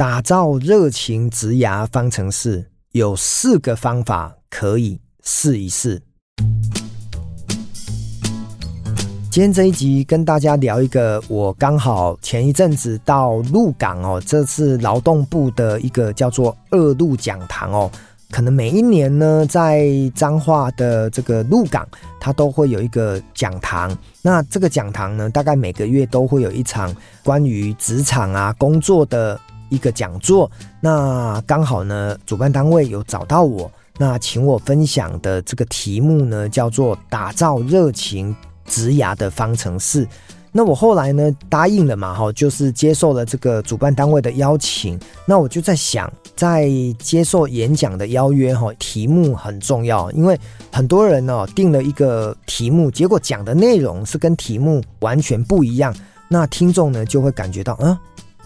打造熱情職涯方程式，有四個方法可以試一試。今天這一集跟大家聊一個，我剛好前一陣子到鹿港哦，這次勞動部的一個叫做二鹿講堂哦。可能每一年呢，在彰化的這個鹿港，它都會有一個講堂。那這個講堂呢，大概每個月都會有一場關於職場啊、工作的。一個講座，那剛好呢，主辦單位有找到我，那請我分享的這個題目呢，叫做“打造熱情職涯的方程式”。那我後來呢，答應了嘛，哈，就是接受了這個主辦單位的邀請。那我就在想，在接受演講的邀約，哈，題目很重要，因為很多人哦定了一個題目，結果講的內容是跟題目完全不一樣，那聽眾呢就會感覺到，嗯、啊。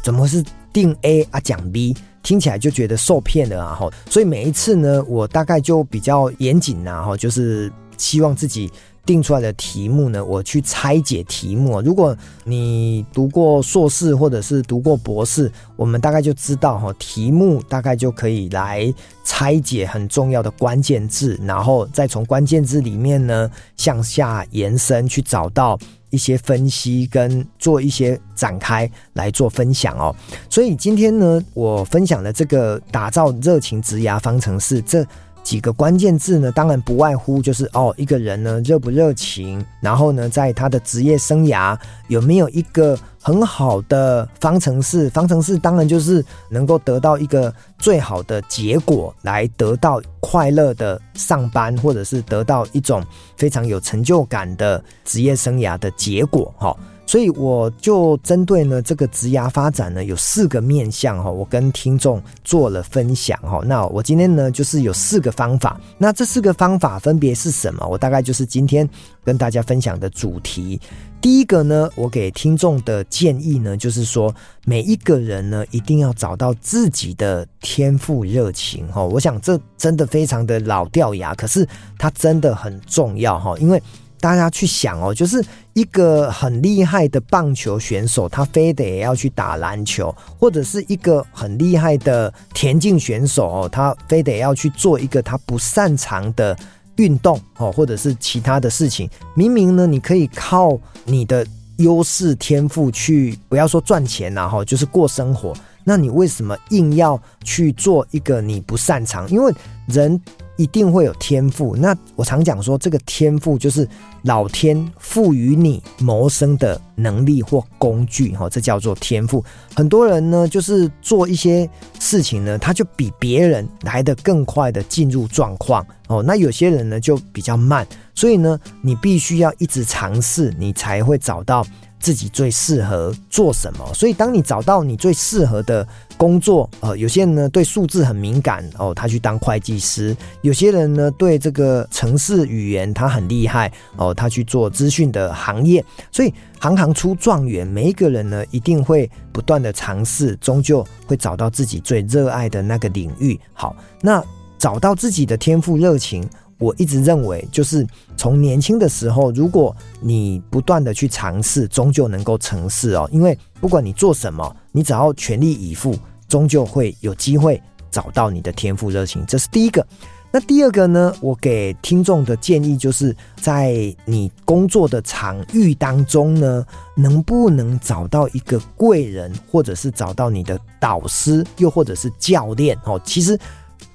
怎麼是定 A 啊講 B，聽起來就覺得受騙了啊齁，所以每一次呢，我大概就比較嚴謹吶齁，就是希望自己。定出來的題目呢，我去拆解題目。如果你讀過碩士或者是讀過博士，我們大概就知道哈，題目大概就可以來拆解很重要的關鍵字，然後再從關鍵字裡面呢向下延伸去找到一些分析跟做一些展開來做分享哦。所以今天呢，我分享的這個打造熱情職涯方程式這。幾個關鍵字呢？當然不外乎就是哦，一個人呢熱不熱情，然後呢，在他的職業生涯有沒有一個。很好的方程式，方程式當然就是能夠得到一個最好的結果，來得到快樂的上班，或者是得到一種非常有成就感的職業生涯的結果，哈。所以我就針對呢這個職涯發展呢有四個面向，哈，我跟聽眾做了分享，哈。那我今天呢就是有四個方法，那這四個方法分別是什麼？我大概就是今天。跟大家分享的主題，第一個呢，我給聽眾的建議呢，就是說，每一個人呢，一定要找到自己的天賦熱情哈。我想這真的非常的老掉牙，可是它真的很重要哈。因為大家去想哦，就是一個很厲害的棒球選手，他非得要去打籃球，或者是一個很厲害的田徑選手哦，他非得要去做一個他不擅長的。運動哦，或者是其他的事情，明明呢，你可以靠你的優勢天賦去，不要說賺錢然、啊、哈，就是過生活。那你為什麼硬要去做一個你不擅長？因為人一定會有天賦。那我常講說，這個天賦就是老天賦予你謀生的能力或工具哈，這叫做天賦。很多人呢，就是做一些事情呢，他就比別人來得更快的進入狀況哦。那有些人呢，就比較慢。所以呢，你必須要一直嘗試，你才會找到自己最適合做什麼。所以，當你找到你最適合的工作，呃，有些人呢對數字很敏感哦，他去當會計師；有些人呢對這個程式語言他很厲害哦，他去做資訊的行業。所以，行行出狀元，每一個人呢一定會不斷的嘗試，終究會找到自己最熱愛的那個領域。好，那找到自己的天賦熱情。我一直認為，就是從年輕的時候，如果你不斷的去嘗試，終究能夠成事哦。因為不管你做什麼，你只要全力以赴，終究會有機會找到你的天賦熱情。這是第一個。那第二個呢？我給聽眾的建議就是在你工作的場域當中呢，能不能找到一個貴人，或者是找到你的導師，又或者是教練哦。其實。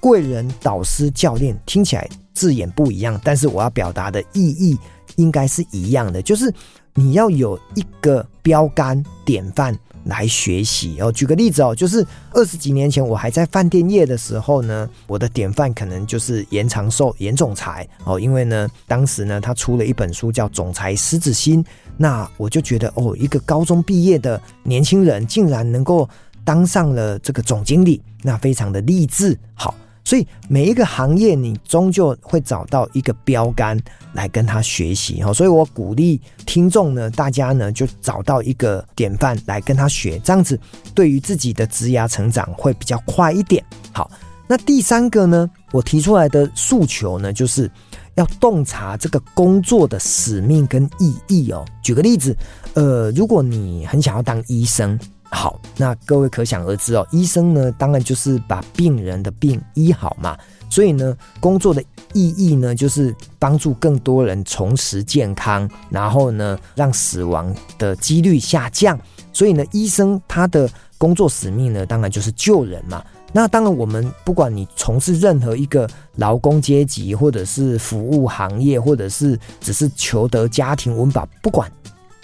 貴人、導師、教練，聽起來字眼不一樣，但是我要表達的意義應該是一樣的，就是你要有一個標杆、典範來學習哦。舉個例子哦，就是二十幾年前我還在飯店業的時候呢，我的典範可能就是嚴長壽、嚴總裁哦，因為呢，當時呢，他出了一本書叫《總裁獅子心》，那我就覺得哦，一個高中畢業的年輕人竟然能夠當上了這個總經理，那非常的勵志，好。所以每一個行業，你終究會找到一個標杆來跟他學習哈。所以我鼓勵聽眾呢，大家呢就找到一個典範來跟他學，這樣子對於自己的職業成長會比較快一點。好，那第三個呢，我提出來的訴求呢，就是要洞察這個工作的使命跟意義哦。舉個例子，呃，如果你很想要當醫生。好，那各位可想而知哦，醫生呢，當然就是把病人的病醫好嘛。所以呢，工作的意義呢，就是幫助更多人重拾健康，然後呢，讓死亡的幾率下降。所以呢，醫生他的工作使命呢，當然就是救人嘛。那當然，我們不管你從事任何一個勞工階級，或者是服務行業，或者是只是求得家庭溫飽，不管。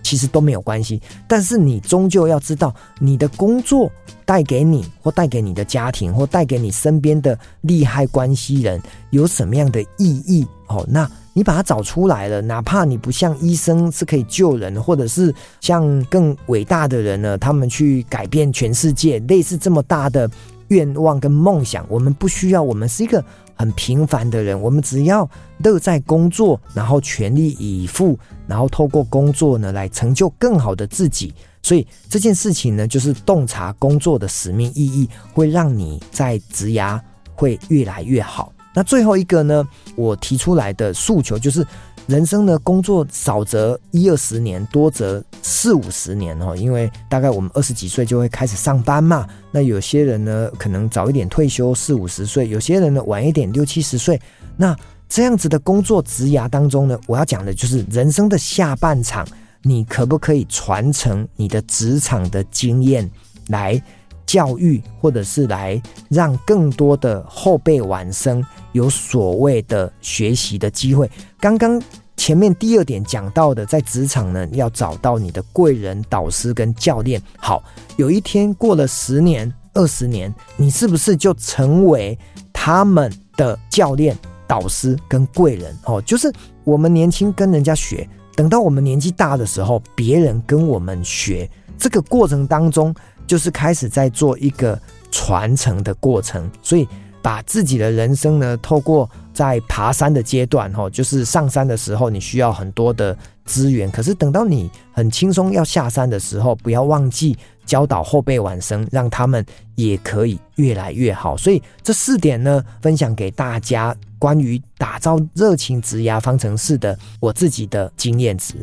其實都沒有關係，但是你終究要知道你的工作帶給你，或帶給你的家庭，或帶給你身邊的利害關係人有什麼樣的意義哦。那你把它找出來了，哪怕你不像醫生是可以救人，或者是像更偉大的人呢，他們去改變全世界，類似這麼大的。願望跟夢想，我們不需要。我們是一個很平凡的人，我們只要樂在工作，然後全力以赴，然後透過工作呢來成就更好的自己。所以這件事情呢，就是洞察工作的使命意義，會讓你在職涯會越來越好。那最後一個呢，我提出來的訴求就是，人生呢，工作少則一二十年，多則四五十年哦，因為大概我們二十幾歲就會開始上班嘛。那有些人呢可能早一點退休四五十歲，有些人呢晚一點六七十歲。那這樣子的工作職涯當中呢，我要講的就是人生的下半場，你可不可以傳承你的職場的經驗來教育，或者是來讓更多的後輩晚生有所謂的學習的機會。剛剛前面第二點講到的，在職場呢，要找到你的貴人、導師跟教練。好，有一天過了十年、二十年，你是不是就成為他們的教練、導師跟貴人？哦，就是我們年輕跟人家學，等到我們年紀大的時候，別人跟我們學，這個過程當中。就是開始在做一個傳承的過程，所以把自己的人生呢，透過在爬山的階段，哈，就是上山的時候，你需要很多的資源，可是等到你很輕鬆要下山的時候，不要忘記教導後輩晚生，讓他們也可以越來越好。所以這四點呢，分享給大家關於打造熱情職涯方程式的我自己的經驗值。